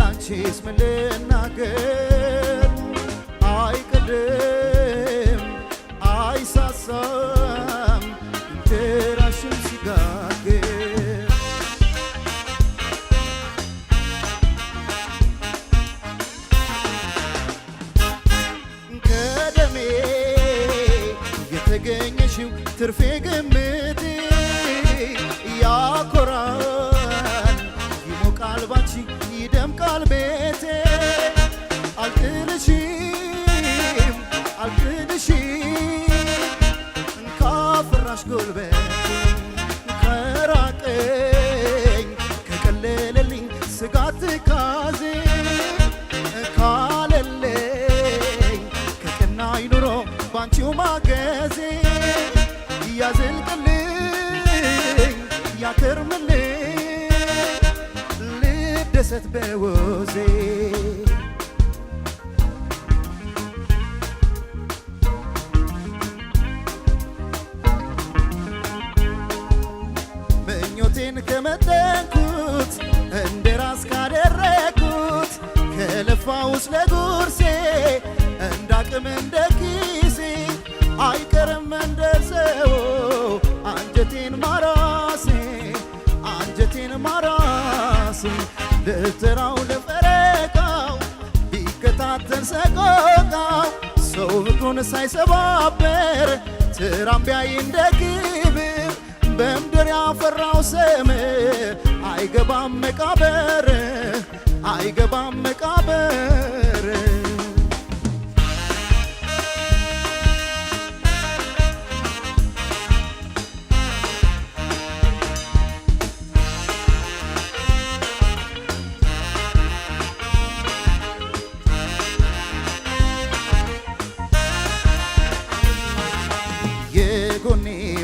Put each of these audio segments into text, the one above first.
ስላንቺስ ምን ልናገር? አይቀድም አይሳሳም እንጀራሽም ሲጋግር ከደሜ የተገኘሽው ትርፌ ግም የስጋት ካዜ ካለለኝ ከቀናይ ኑሮ ባንቺው ማገዜ እያዘልቅልኝ እያከርምልኝ ልደሰት በወዜ ሕይወቴን ከመጠንኩት እንደ ራስ ካደረግኩት ከለፋው ስለ ጉርሴ አቅም እንደ ኪሴ አይቀርም እንደ አንጀቴን ማራሴ አንጀቴን ማራሴ ልትራው ለፈረቃው ቢከታተን ሰቆቃው ሰው ብኩን ሳይሰባበር ትራምቢያይ እንደ ግብ በምድር ያፈራው ስም አይገባም መቃብር አይገባም መቃብር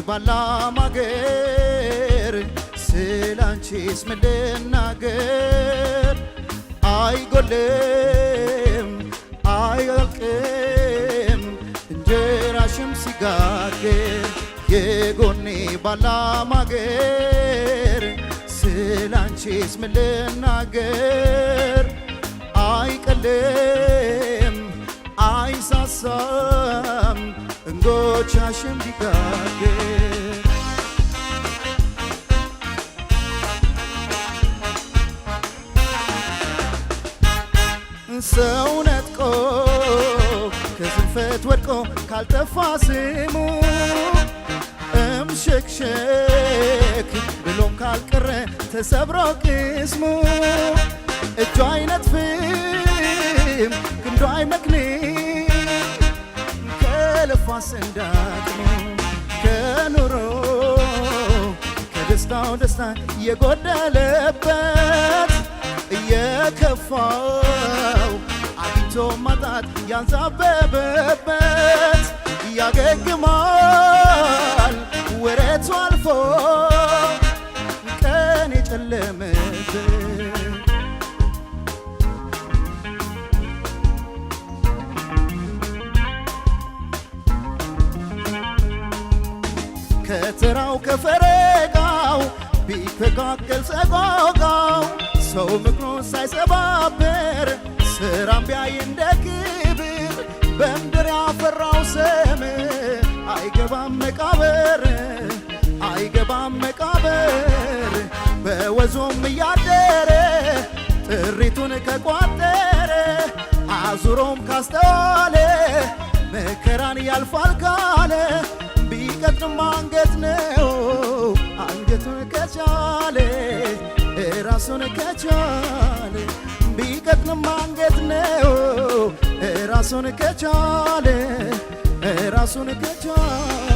ባላማገር ስላንቺስ ምን ልናገር? አይጎልም አይወልቅም እንጀራሽም ሲጋግር የጎኔ ባላማገር ስላንቺስ ምን ልናገር? አይቀልም አይሳሳም እንጎቻሽም ቢጋግር ሰው ነጥቆ ከስንፈት ወድቆ ካልጠፋ ስሙ እምሸክሸክ ብሎም ካልቀረ ተሰብሮ ቅስሙ እጁ አይነጥፍም ክንዱ አይመክንም ከለፋስ እንዳቅሙ ከኑሮ ከደስታው ደስታ የጎደለበት እየከፋው አግኝቶ ማጣት ያንዛበበበት ያገግማል ወሬቱ አልፎ ቀን የጨለመበት ከተራው ከፈረቃው ቢተካከል ሰቆቃው ሰው ምክሩ ሳይሰባበር ስራም ቢያይ እንደ ክብር በምድር ያፈራው ስም አይገባም መቃብር አይገባም መቃብር በወዞም እያደረ ጥሪቱን ከቋጠረ አዙሮም ካስተዋለ መከራን ያልፋል ካለ ቢቀጥም አንገት ነው አንገቱን ከቻለ ራሱን ከቻለ ቢቀጥንም አንገት ነው። ራሱን ከቻለ ራሱን ከቻለ